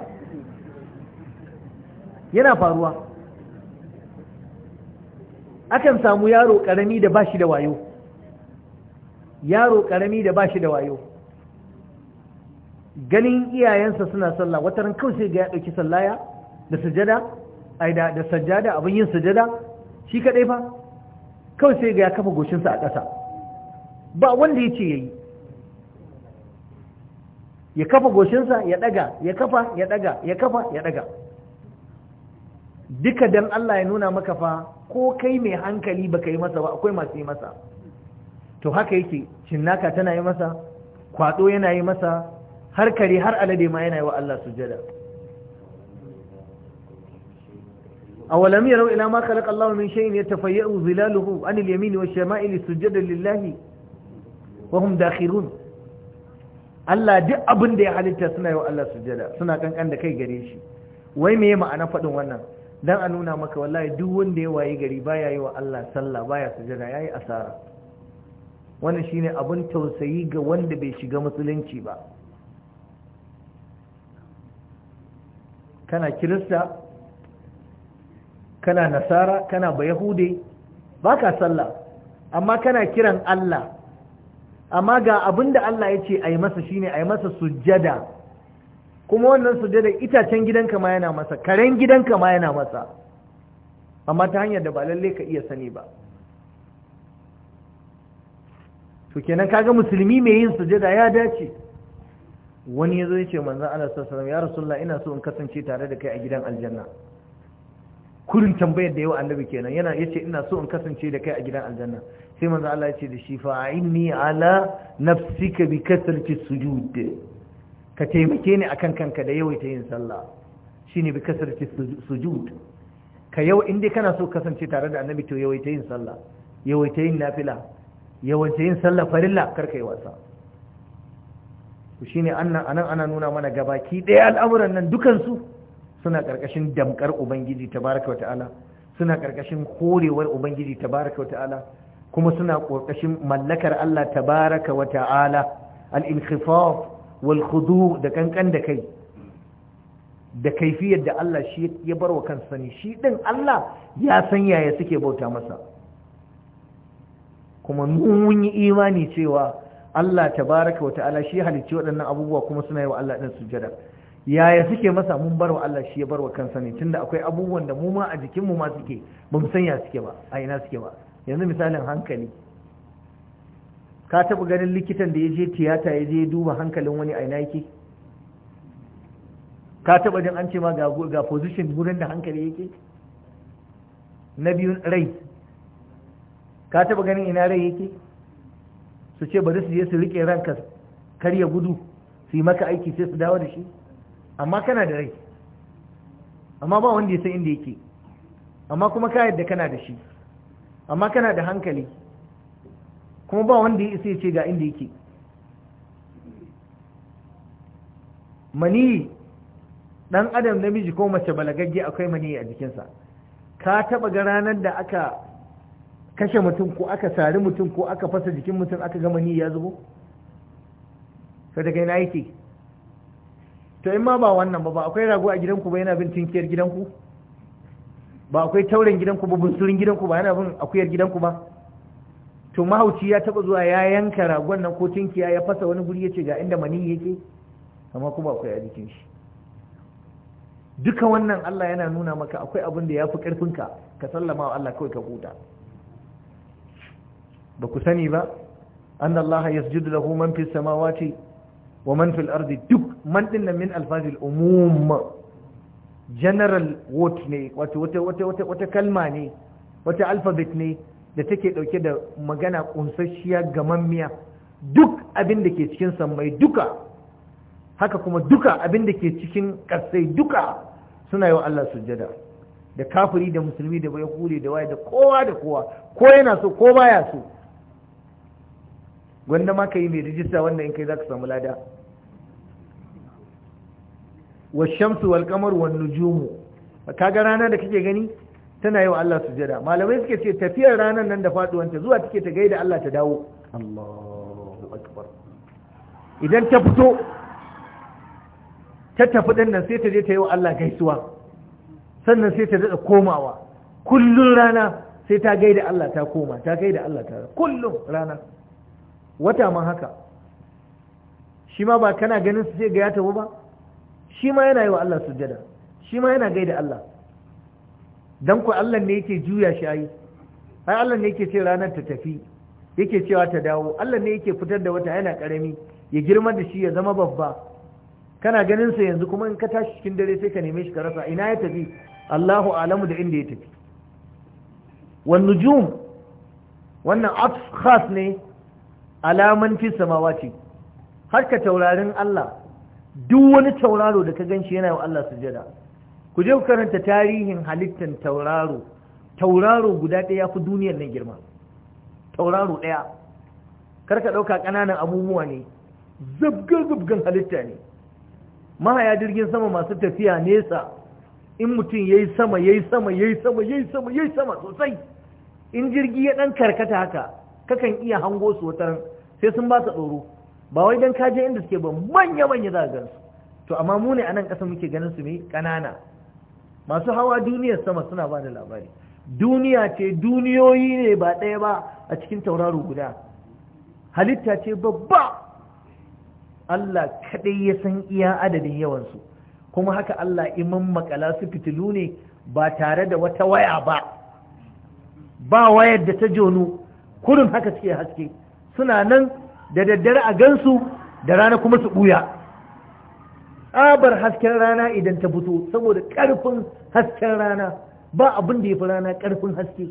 yana faruwa akan samu yaro karami da bashi da wayo yaro karami da bashi da wayo ganin iyayensa suna sallah wata ran kawai sai ga ya dauki sallaya da sujada ai da sajada, abin yin sujada shi kadai fa kawai sai ga ya kafa goshinsa a ƙasa ba wanda ya ce yayi ya kafa goshinsa ya daga ya kafa ya daga ya kafa ya daga duka dan Allah ya nuna maka fa ko kai mai hankali baka yi masa ba akwai masu yi masa to haka yake cinnaka tana yi masa kwado yana yi masa har kare har alade ma yana yi wa Allah sujada awalam yarau ila ma khalaqa Allah min shay'in yatafayya'u zilaluhu an al-yamin wa shama'il sujada lillahi wa hum dakhirun Allah duk abin da ya halitta suna yi wa Allah sujada suna kankan da kai gare shi wai meye ma'ana faɗin wannan dan a nuna maka wallahi duk wanda ya wayi gari baya yi wa Allah sallah baya sujada yayi asara wannan shine abin tausayi ga wanda bai shiga musulunci ba kana kirista kana nasara kana bayahude baka sallah amma kana kiran Allah amma ga abinda Allah ya ce a yi masa shine a yi masa sujada. kuma wannan sujada itacen gidanka ma yana masa karen gidanka ma yana masa amma ta hanyar da ba lalle ka iya sani ba to kenan kaga musulmi mai yin sujada ya dace wani yazo yace manzon Allah sallallahu alaihi wasallam ya rasulullah ina so in kasance tare da kai a gidan aljanna kurin tambayar da yawa annabi kenan yana yace ina so in kasance da kai a gidan aljanna sai manzon Allah yace da shi fa inni ala nafsika bi kasrati sujud ka taimake ni akan kanka da yawaita yin sallah shine bi kasarci sujud ka yau in kana so kasance tare da annabi to yawaita yin sallah yawaita yin nafila yawaita yin sallah farilla karka yi wasa shine annan anan ana nuna mana gabaki ɗaya al'amuran nan dukansu suna ƙarƙashin damkar ubangiji tabaraka wa ta'ala suna ƙarƙashin korewar ubangiji tabaraka wa ta'ala kuma suna ƙarƙashin mallakar Allah tabaraka wa ta'ala al-inkhifaf wal da kankan da kai da kaifiyar da Allah shi ya bar wa kansa sani shi din Allah ya san yaya suke bauta masa kuma mun yi imani cewa Allah tabaraka wa ta'ala shi halicci waɗannan abubuwa kuma suna yi wa Allah ɗin sujada yaya suke masa mun bar wa Allah shi ya bar wa kansa ne tunda akwai abubuwan da mu ma a jikinmu ma suke ba mu san ya suke ba a ina suke ba yanzu misalin hankali ka taɓa ganin likitan da ya je tiyata ya je duba hankalin wani aina yake ka taɓa jin an ce ma ga ga position gurin da hankali yake na biyu rai ka taɓa ganin ina rai yake su ce bari su je su riƙe ranka karya gudu su yi maka aiki sai su dawo da shi amma kana da rai amma ba wanda ya san inda yake amma kuma ka yadda kana da shi amma kana da hankali kuma ba wanda ya isa ya ce ga inda yake mani dan adam namiji ko mace balagagge akwai mani a jikinsa ka taba ga ranar da aka kashe mutum ko aka sari mutum ko aka fasa jikin mutum aka ga mani ya zubo sai daga yana yake to in ma ba wannan ba ba akwai rago a gidanku ba yana bin tinkiyar gidanku ba akwai tauren gidanku ba bunsurin gidanku ba yana bin akuyar gidanku ba to mahauci ya taba zuwa ya yanka ragon nan ko tinkiya ya fasa wani guri yace ga inda mani yake amma kuma akwai a jikin shi duka wannan Allah yana nuna maka akwai abin da yafi karfin ka sallama wa Allah kawai ka huta ba ku sani ba anna Allah yasjudu lahu man fis samawati wa man fil ardi duk man din min alfazil umum general word ne wato wata wata wata kalma ne wata alphabet ne da take ɗauke da magana ƙunsasshiya gamammiya duk abin da ke cikin sammai duka haka kuma duka abin da ke cikin ƙarsai duka suna yi wa Allah sujjada da kafiri da musulmi da bai kure da waye da kowa da kowa ko yana so ko baya so gwanda ma ka yi mai rijista wanda in kai za ka samu lada wa shamsu wal kamar wa nujumu ga rana da kake gani tana yi wa Allah sujada malamai suke ce tafiyar ranar nan da faduwanta zuwa take ta gaida Allah ta dawo Allahu akbar idan ta fito ta tafi ɗan nan sai ta je ta yi wa Allah gaisuwa sannan sai ta daɗa komawa kullum rana sai ta gaida Allah ta koma ta gaida Allah ta kullum rana wata ma haka shi ma ba kana ganin su sai ga ya tafi ba shi ma yana yi wa Allah sujjada shi ma yana gaida Allah dan ku Allah ne yake juya shi ai ai Allah ne yake ce ranar ta tafi yake cewa ta dawo Allah ne yake fitar da wata yana karami ya girma da shi ya zama babba kana ganin sa yanzu kuma in ka tashi cikin dare sai ka neme shi ka rasa ina ya tafi Allahu alamu da inda ya tafi wan nujum wannan atf khas ne alaman fi samawati har ka taurarin Allah duk wani tauraro da ka gan shi yana wa Allah sujada ku je ku karanta tarihin halittar tauraro tauraro guda ɗaya fi duniyar nan girma tauraro ɗaya karka ɗauka ƙananan abubuwa ne zabgan-zabgan halitta ne mahaya jirgin sama masu tafiya nesa in mutum ya yi sama ya yi sama ya yi sama ya yi sama ya yi sama sosai in jirgi ya ɗan karkata haka kakan iya hango su wata sai sun ba su tsoro ba wai don kaje inda suke ba manya-manya za a gansu to amma mu ne a nan ƙasa muke ganin su mai ƙanana masu hawa duniyar sama suna ba da labari duniya ce duniyoyi ne ba ɗaya ba a cikin tauraro guda halitta ce babba Allah kaɗai ya san iya adadin yawansu kuma haka Allah iman makala su fitilu ne ba tare da wata waya ba ba wayar da ta jonu kurin haka suke haske suna nan da daddare a gansu da rana kuma su ɓuya tsabar hasken rana idan ta fito saboda ƙarfin hasken rana ba abin da ya fi rana ƙarfin haske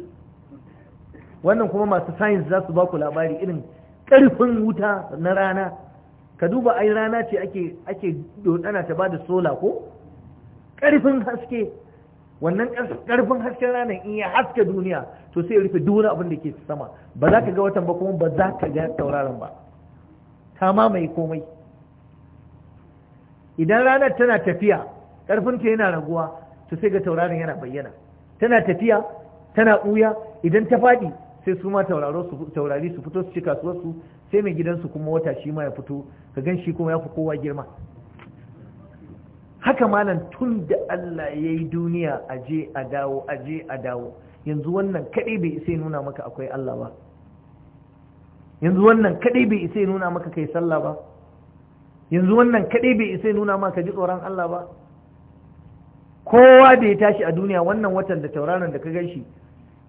wannan kuma masu sayins za su ba ku labari irin ƙarfin wuta na rana ka duba ai rana ce ake ake dodana ta ba da sola ko ƙarfin haske wannan ƙarfin hasken rana in ya haske duniya to sai rufe duk abin da ke sama ba za ka ga watan ba kuma ba za ka ga tauraron ba ta mamaye komai idan ranar tana tafiya ƙarfinta yana raguwa to sai ga tauraron yana bayyana tana tafiya tana ɓuya idan ta faɗi sai su ma taurari su fito su ci kasuwarsu sai mai gidansu kuma wata shi ma ya fito ka gan shi kuma ya fi kowa girma haka malam tun da Allah ya yi duniya a je a dawo a a dawo yanzu wannan kaɗai bai isa nuna maka akwai Allah ba yanzu wannan kaɗai bai isa nuna maka kai sallah ba yanzu wannan kaɗai bai isa nuna ma ka ji tsoron Allah ba kowa da ya tashi a duniya wannan watan da tauraron da ka gan shi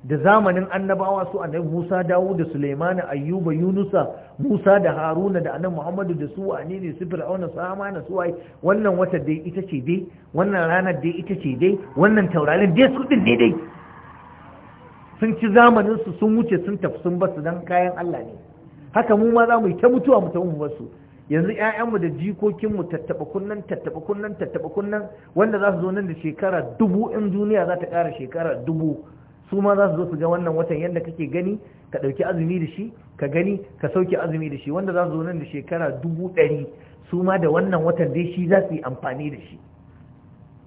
da zamanin annabawa su annabi Musa dawo da Sulaimana Ayyuba Yunusa Musa da Haruna da annabi Muhammadu da su wani ne su Fir'auna su Amana su wai wannan watan dai ita ce dai wannan ranar dai ita ce dai wannan taurarin dai su din dai sun ci zamanin su sun wuce sun tafi sun basu dan kayan Allah ne haka mu ma za mu yi ta mutuwa mu ta mu basu yanzu 'ya'yanmu da jikokinmu tattaɓa kunnan tattaɓa kunnan tattaɓa kunnan wanda za su zo nan da shekara dubu in duniya za ta ƙara shekara dubu su ma za su zo su ga wannan watan yadda kake gani ka ɗauki azumi da shi ka gani ka sauke azumi da shi wanda za su zo nan da shekara dubu ɗari su ma da wannan watan dai shi za su yi amfani da shi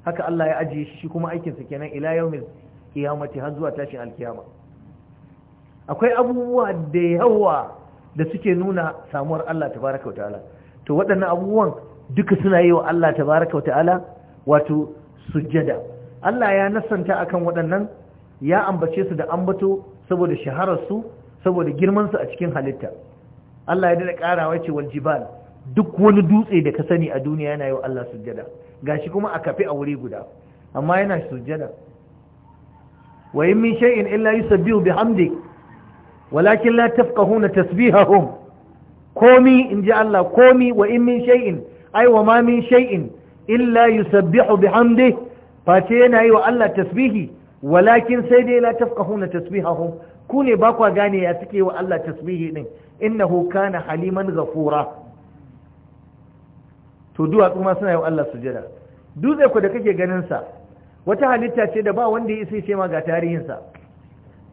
haka Allah ya ajiye shi shi kuma aikinsa kenan ila mai kiyamati har zuwa tashin alkiyama akwai abubuwa da yawa da suke nuna samuwar Allah tabaraka wa ta'ala to waɗannan abubuwan duka suna yi wa Allah tabaraka wa ta'ala wato sujjada Allah ya nasanta akan waɗannan ya ambace su da ambato saboda shahararsu saboda girmansu a cikin halitta Allah ya dada ƙarawa ce wal jibal duk wani dutse da ka sani a duniya yana yi wa Allah sujjada shi kuma a kafe a wuri guda amma yana sujjada wa in min shay'in illa yusabbihu walakin la tafqahuna tasbihahum komi in ji Allah komi wa in min shay'in ai wa ma min shay'in illa yusabbihu bihamdi face yana yi wa Allah tasbihi walakin sai dai la tafqahuna tasbihahum ku ne ba gane ya suke wa Allah tasbihi din innahu kana haliman ghafura to duwatsu ma suna yi wa Allah sujada dutse ku da kake ganin sa wata halitta ce da ba wanda ya isa ce ma ga tarihinsa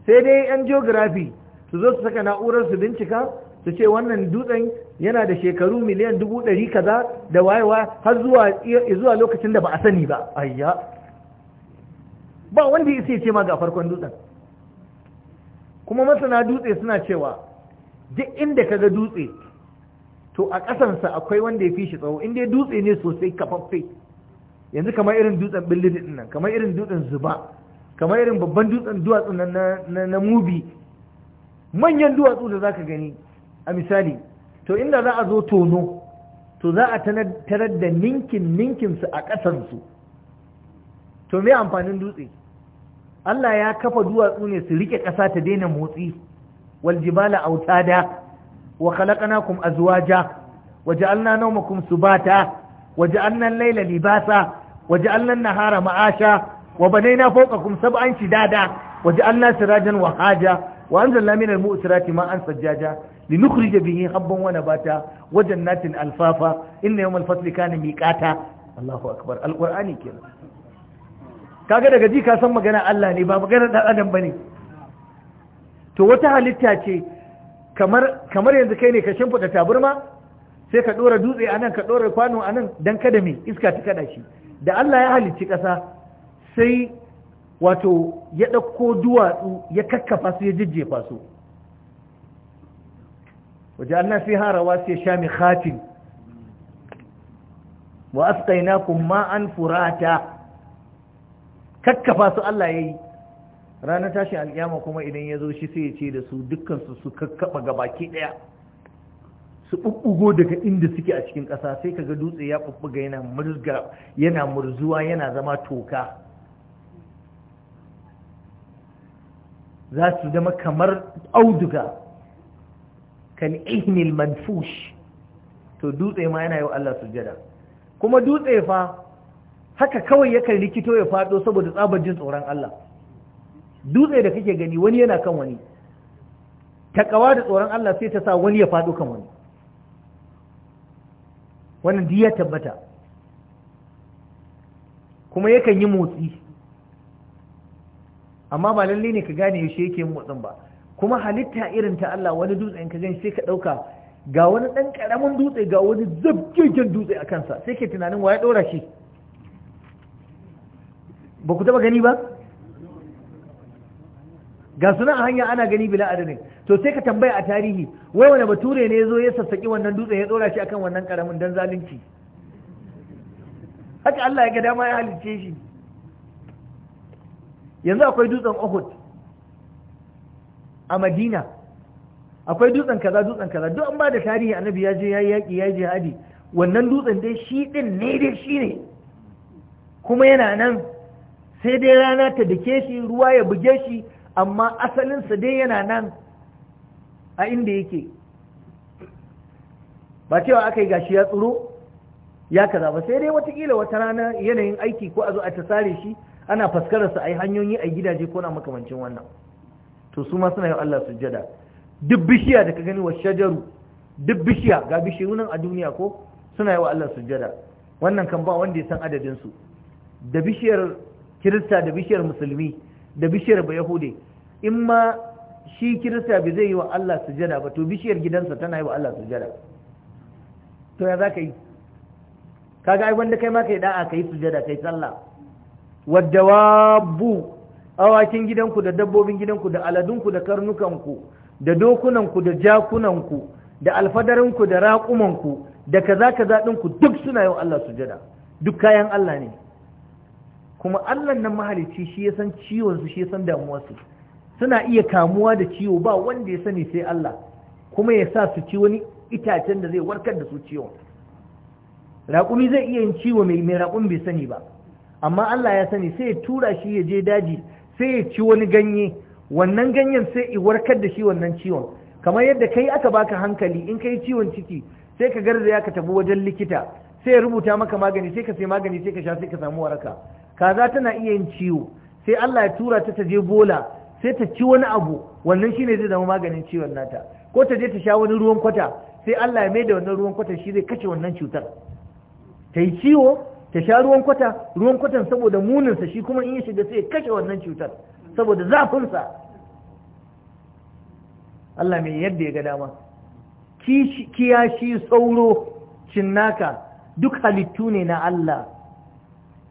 sai dai yan geography su zo su saka na'urar su bincika su ce wannan dutsen yana da shekaru miliyan dubu ɗari kaza da wayewa har zuwa lokacin da ba a sani ba ayya ba wanda ya ce ma ga farkon dutsen kuma masana dutse suna cewa duk inda ka ga dutse to a kasansa akwai wanda ya fi shi tsawo inda dutse ne sosai kafaffe yanzu kamar irin dutsen billidi nan kamar irin dutsen zuba kamar irin babban dutsen duwatsu na mubi manyan duwatsu da zaka gani a misali to inda za a zo tono to za a tarar da ninkin ninkinsu a ƙasarsu, to me amfanin dutse Allah ya kafa duwatsu ne su rike ƙasa ta daina motsi waljibala autada wa khalaqnakum azwaja wa ja'alna nawmakum subata wa ja'alna al-layla libasa wa ja'alna an-nahara ma'asha wa banayna fawqakum sab'an shidada wa ja'alna sirajan wa haja wa anzalna minal mu'sirati ma'an sajjaja linukhrij bihi habban wa nabata wa jannatin alfafa inna yawmal fasli kana miqata Allahu akbar kaga daga ji ka san magana Allah ne ba magana dan adam bane to wata halitta ce kamar kamar yanzu kai ne ka shimfida taburma sai ka dora dutse anan ka dora kwano anan dan kada me iska ta kada shi da Allah ya halicci kasa sai wato ya ɗauko duwatsu ya kakkafa su ya jijjefa su waje an fi harawa sai sha mi khatin wa asqainakum ma'an furata kakkafa su Allah yayi ranar tashi alyama kuma idan ya zo shi sai ya ce da su dukkan su su ga baki ɗaya su ɓuɓɓugo daga inda suke a cikin ƙasa sai kaga dutse ya ɓuɓɓuga yana murzuwa yana zama toka za su zama kamar auduga kan ihnil manfush to dutse ma yana yau Allah sujada kuma dutse fa haka kawai yakan likito ya fado saboda tsabar jin tsoron Allah dutse da kake gani wani yana kan wani takawa da tsoron Allah sai ta sa wani ya fado kan wani wannan ya tabbata kuma yakan yi motsi amma ba lalle ne ka gane yaushe yake yin motsin ba kuma halitta irin ta Allah wani dutse in ka gani sai ka ɗauka ga wani ɗan ƙaramin dutse ga wani zabgegen dutse a kansa sai ke tunanin wa ya ɗora shi ba ku taɓa gani ba ga suna a hanya ana gani bila adadin to sai ka tambaya a tarihi wai wani bature ne ya zo ya sassaƙi wannan dutsen ya ɗora shi akan wannan ƙaramin dan zalunci haka Allah ya ga dama ya halicce shi yanzu akwai dutsen Uhud a Madina akwai dutsen kaza dutsen kaza duk an ba da tarihi annabi ya je yayi yaki yayi jihadi wannan dutsen dai shi din ne dai shi ne kuma yana nan sai dai rana ta dake shi ruwa ya buge shi amma asalinsa dai yana nan a inda yake ba cewa aka yi gashi ya tsuro ya kaza ba sai dai watakila wata rana yanayin aiki ko a zo a ta sare shi ana faskarar su a hanyoyi a gidaje ko na makamancin wannan to su ma suna yi Allah sujjada duk bishiya da ka gani wa shajaru duk bishiya ga bishiyu nan a duniya ko suna yi wa Allah sujjada wannan kan ba wanda ya san adadin su da bishiyar kirista da bishiyar musulmi da bishiyar bayahude in ma shi kirista bai zai yi wa Allah sujjada ba to bishiyar gidansa tana yi wa Allah sujjada to ya za ka yi kaga ai wanda kai ma kai da'a kai sujjada kai sallah waddawabu awakin gidanku da dabbobin gidanku da aladunku da karnukanku da dokunanku da jakunanku da alfadarinku da raƙumanku da kaza kaza ɗinku duk suna yau Allah su sujada duk kayan Allah ne kuma Allah nan mahalicci shi ya san ciwonsu shi ya san damuwarsu suna iya kamuwa da ciwo ba wanda ya sani sai Allah kuma ya sa su ci wani itacen da zai warkar da su ciwon raƙumi zai iya yin ciwo mai raƙumi bai sani ba amma Allah ya sani sai ya tura shi ya je daji sai ya ci wani ganye wannan ganyen sai i warkar da shi wannan ciwon kamar yadda kai aka baka hankali in kai ciwon ciki sai ka garzaya ka tafi wajen likita sai ya rubuta maka magani sai ka sai magani sai ka sha sai ka samu waraka kaza tana iya yin ciwo sai Allah ya tura ta ta je bola sai ta ci wani abu wannan shine zai zama maganin ciwon nata ko ta je ta sha wani ruwan kwata sai Allah ya da wannan ruwan kwata shi zai kashe wannan cutar ta yi ciwo ta sha ruwan kwata ruwan kwatan saboda muninsa shi kuma in ya shiga sai kashe wannan cutar saboda zafinsa Allah mai yadda ya ga dama kiyashi sauro cinnaka duk halittu ne na Allah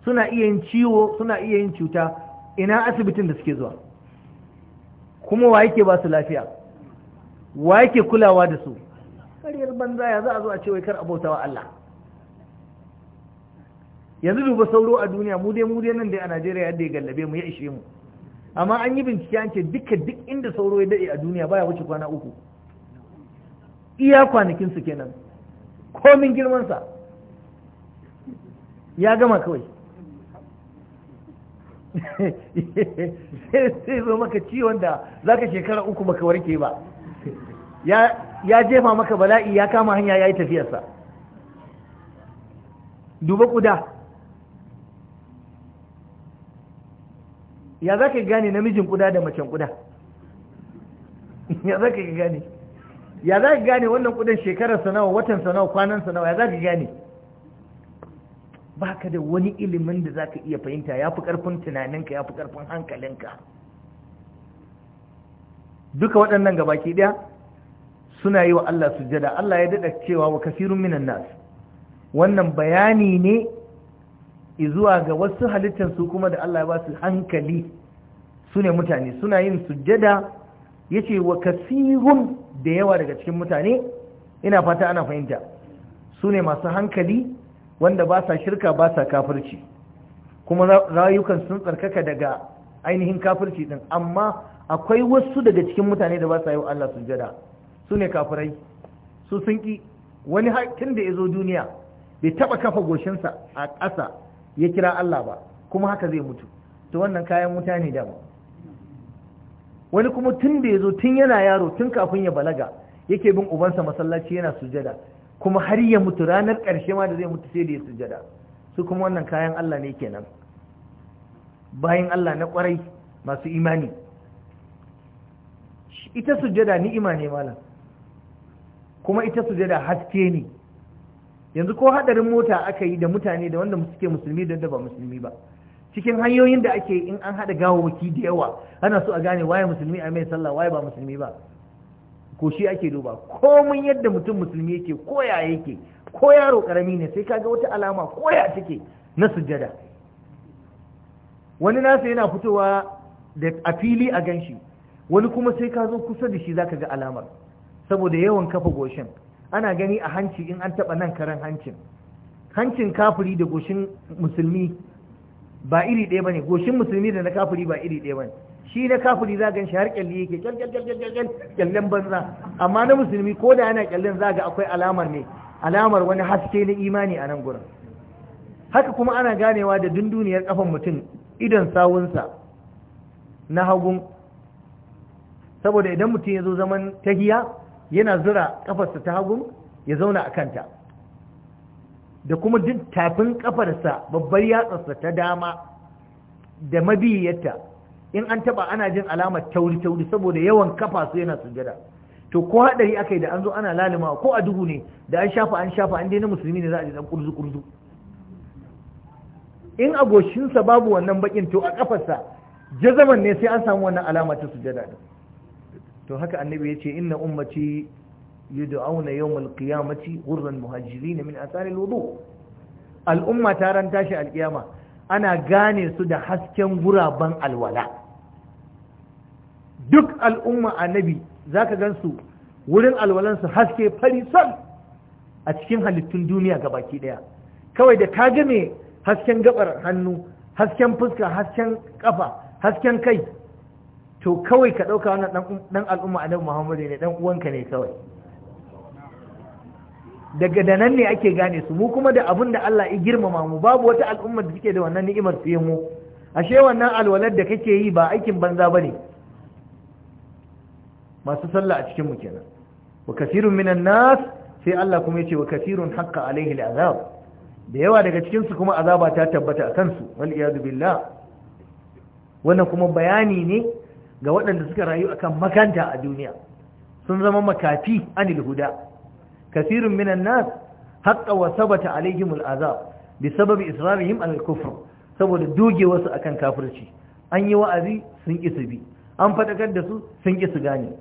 suna iya yin ciwo suna iya yin cuta ina asibitin da suke zuwa kuma wa yake ba su lafiya wa yake kulawa da su karyar banza ya za a zo a ce wai kar wa Allah yanzu duba sauro a duniya mu dai mu dai nan dai a Najeriya yadda ya gallabe mu ya ishe mu amma an yi bincike an ce duka duk inda sauro ya dade a duniya baya wuce kwana uku iya kwanakin su kenan komin girman sa ya gama kawai sai [LAUGHS] zo maka ciwon da zaka shekara uku baka warke ba ya jefa maka bala'i ya kama hanya yayi yi tafiyarsa duba kuda ya za ka gane namijin kuda da macen kuda ya za ka gane ya za ka gane wannan kudan shekarar sanawa watan sanawa kwanan sanawa ya za ka gane ba ka da wani ilimin da za ka iya fahimta ya fi ƙarfin tunaninka ya fi ƙarfin hankalinka duka waɗannan gabaki ɗaya suna yi wa Allah sujada Allah ya daɗa cewa wa kafirun minan nas wannan bayani ne izuwa ga wasu halittar su kuma da Allah ya ba su hankali su ne mutane suna yin sujjada yace wa kasirun da yawa daga cikin mutane ina fata ana fahimta su ne masu hankali wanda ba sa shirka ba sa kafirci kuma rayukan sun tsarkaka daga ainihin kafirci din amma akwai wasu daga cikin mutane da ba sa yi wa Allah sujjada su ne kafirai su sun ki wani haƙƙin da ya zo duniya bai taɓa kafa goshinsa a ƙasa ya kira Allah ba kuma haka zai mutu to wannan kayan wuta ne dama wani kuma tun da ya zo tun yana yaro tun kafin ya balaga yake bin ubansa masallaci yana sujada kuma har ya mutu ranar ƙarshe ma da zai mutu sai da ya sujada su kuma wannan kayan Allah ne kenan bayan Allah na kwarai masu imani ita sujada ni'ima ne malam kuma ita sujada haske ne yanzu ko hadarin mota aka yi da mutane da wanda suke musulmi da wanda ba musulmi ba cikin hanyoyin da ake in an haɗa gawawaki da yawa ana so a gane waye musulmi a mai sallah waye ba musulmi ba ko shi ake duba komai yadda mutum musulmi yake ko ya yake ko yaro karami ne sai kaga wata alama ko ya take na sujada. wani nasa yana fitowa da a fili a ganshi wani kuma sai ka zo kusa da shi zaka ga alamar saboda yawan kafa goshin ana gani a hanci in an taɓa nan karen hancin hancin kafiri da goshin musulmi ba iri ɗaya bane goshin musulmi da na kafiri ba iri ɗaya bane shi na kafiri za gan shi har ƙyalli yake kyallen banza amma na musulmi ko da yana kyallen za ga akwai alamar ne alamar wani haske na imani a nan gurin haka kuma ana ganewa da dunduniyar kafan mutum idon sawunsa na hagu saboda idan mutum ya zo zaman tahiya yana zura kafarsa ta hagu ya zauna a kanta da kuma duk tafin kafarsa babbar yatsarsa ta dama da mabiyyarta in an taba ana jin alamar tauri-tauri saboda yawan kafa su yana sujada to ko hadari akai da an zo ana lalima ko a duhu ne da an shafa an shafa an na musulmi ne za a ji dan kurzu kurzu in agoshinsa babu wannan bakin to a kafarsa jazaman ne sai an samu wannan alama ta sujada din to haka annabi ya ce inna ummati yud'auna yawmal qiyamati ghurran muhajirin min athari alwudu al'umma ta ran tashi alkiyama ana gane su da hasken guraben alwala duk al'umma annabi zaka gansu wurin alwalansu haske fari sal a cikin halittun duniya gabaki daya kawai da ka me hasken gabar hannu hasken fuska hasken kafa hasken kai to kawai ka ɗauka wannan ɗan al'umma a muhammadu ne ɗan uwanka ne kawai daga da nan ne ake gane su mu kuma da abin da Allah ya girmama mu babu wata al'umma da suke da wannan ni'imar su mu ashe wannan alwalar da kake yi ba aikin banza bane masu sallah a cikin mu kenan wa kasirun minan nas sai Allah kuma ya ce, wa kasirun haqqa alaihi al'azab da yawa daga cikin su kuma azaba ta tabbata akan su wal iyad billah wannan kuma bayani ne ga waɗanda suka rayu akan makanta a duniya sun zama makafi anil huda kasirun minan nas haqqa wa sabata alaihim al'azab bi sababi israrihim al kufr saboda doge wasu akan kafirci an yi wa'azi sun ki su bi an fadakar da su sun ki su gane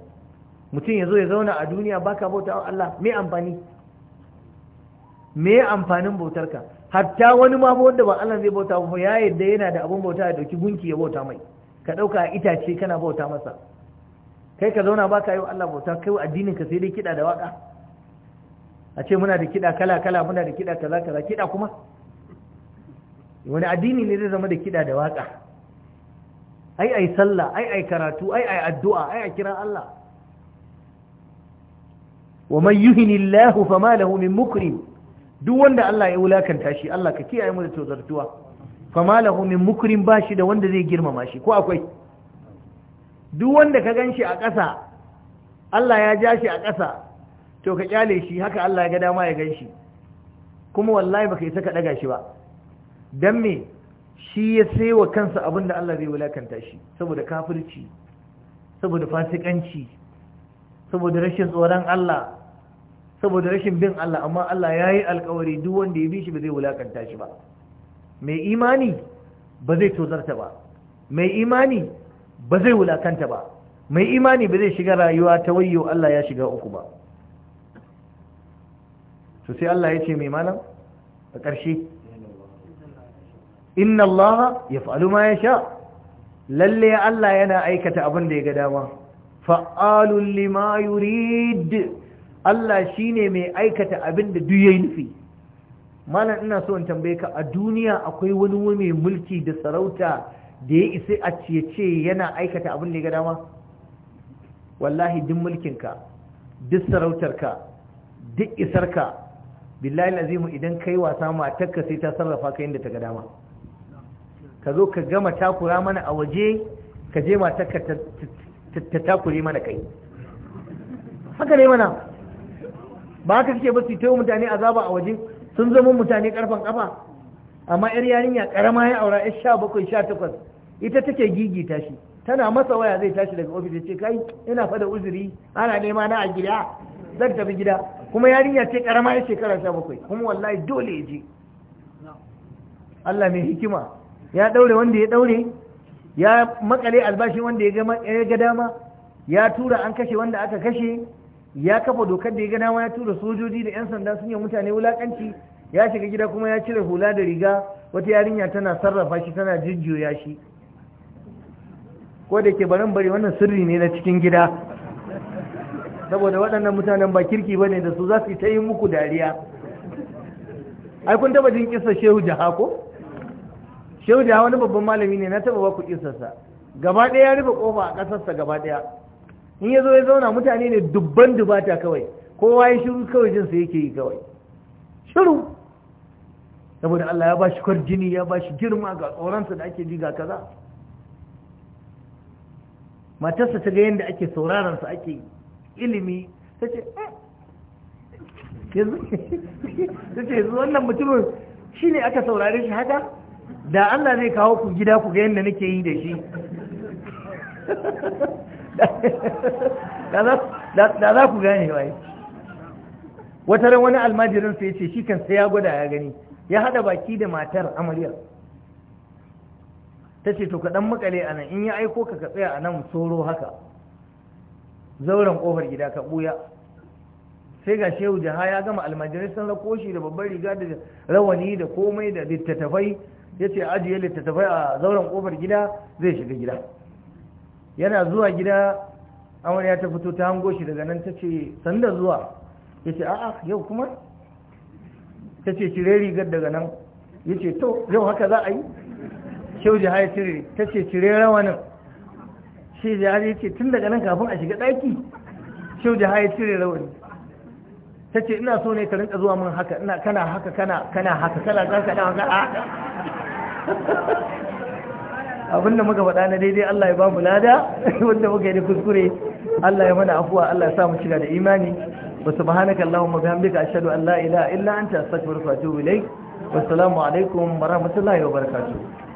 mutum yazo ya zauna a duniya baka bauta Allah me amfani me amfanin bautar ka? hatta wani ma wanda ba Allah zai bauta ba ya yadda yana da abun bauta ya dauki gunki ya bauta mai ka ɗauka itace kana bauta masa kai ka zauna ba ka yi wa Allah bauta kai wa addinin ka sai dai kiɗa da waƙa a ce muna da kiɗa kala kala muna da kiɗa kaza kaza kiɗa kuma wani addini ne zai zama da kiɗa da waƙa ai ai sallah ai ai karatu ai ai addu'a ai a kira Allah wa man yuhini Allah fama lahu min mukrim duk wanda Allah ya wulakanta shi Allah ka kiyaye mu da tozartuwa Fa lahu min mukrim ba shi da wanda zai girmama shi ko akwai duk wanda ka gan shi a ƙasa Allah ya ja shi a ƙasa to ka kyale shi haka Allah ya ga dama ya gan shi kuma wallahi baka isa ka ɗaga shi ba dan me shi ya saiwa kansa abin da Allah zai wulakanta shi saboda kafirci saboda fasikanci saboda rashin tsoron Allah saboda rashin bin Allah amma Allah ya yi alkawari duk wanda ya bi shi ba zai wulakanta shi ba mai imani ba zai tozarta ba mai imani ba zai wulakanta ba mai imani ba zai shiga rayuwa ta wayo Allah ya shiga uku ba to sai Allah ya ce mai malam a ƙarshe inna Allah ya fa'alu ma ya sha lalle Allah yana aikata abin da ya ga dama fa'alun lima yurid Allah shine mai aikata abin da duk yayi nufi malam ina so in tambaye ka a duniya akwai wani mai mulki da sarauta da ya isa a ce yana aikata abin da ya ga dama wallahi duk mulkinka duk sarautarka duk isarka billahi lazimu idan kai wasa matarka sai ta sarrafa ka yadda ta ga dama ka zo ka gama takura mana a waje ka je matarka ta takure mana kai haka ne mana ba haka suke ba su yi mutane azaba a waje sun zama mutane karfan kafa amma yar yarinya karama ya aura 'ya sha bakwai sha takwas ita take gigi tashi. tana masa waya zai tashi daga ofis ya ce kai ina fada uzuri ana nema na a gida zan tafi gida kuma yarinya ce karama ya shekara sha bakwai kuma wallahi dole ya je Allah mai hikima ya daure wanda ya daure ya makale albashi wanda ya ga dama ya tura an kashe wanda aka kashe ya kafa dokar da ya gana ya tura sojoji da 'yan sanda sun yi mutane wulakanci ya shiga gida kuma ya cire hula da riga wata yarinya tana sarrafa shi tana jujjuya shi ko da ke barin bari wannan sirri ne na cikin gida saboda waɗannan mutanen ba kirki ba ne da su za su ta yi muku dariya ai kun taba jin kisa shehu jaha ko shehu jaha wani babban malami ne na taba ba ku kisarsa gaba ɗaya ya rufe kofa a ƙasarsa gaba ɗaya in ya zo ya zauna mutane ne dubban dubata kawai kowa ya shiru kawai jinsa yake yi kawai shiru saboda Allah ya bashi kwarjini ya bashi girma ga tsoronsa da ake ji ga kaza matarsa ta ga yadda ake sa ake ilimi eh. [LAUGHS] ta ce yanzu wannan mutumin shi ne aka saurare shi haka da Allah zai kawo ku gida ku ga yadda nake yi da shi [LAUGHS] da za ku gane wai wata ran wani almajirin ya ce shi kan sai ya gwada ya gani ya hada baki da matar amaryar ta ce to ka makale a nan in ya aiko ka ka tsaya a nan tsoro haka zauren ƙofar gida ka ɓuya. sai ga shehu jaha ya gama almajirai sun rako shi da babban riga da rawani da komai da littattafai ya ce ajiye littattafai a zauren ƙofar gida zai shiga gida yana zuwa gida amarya ta fito ta hango shi daga nan ta ce sanda zuwa ya ce a'a yau kuma ta ce cire rigar daga nan ya ce to yau haka za a yi shau ji haya cire ta ce cire rawanin shi ji haya ce tun daga nan kafin a shiga ɗaki shau ji haya cire rawanin ta ce ina so ne ka rinka zuwa min haka ina kana haka kana kana haka kana kana haka abin da muka faɗa na daidai Allah ya ba mu lada [LAUGHS] wanda muka yi da kuskure Allah ya mana afuwa Allah ya sa mu cika da imani wa subhanaka allahumma bihamdika ashhadu an la ilaha illa anta astaghfiruka wa atubu ilayk wassalamu alaikum wa rahmatullahi wa barakatuh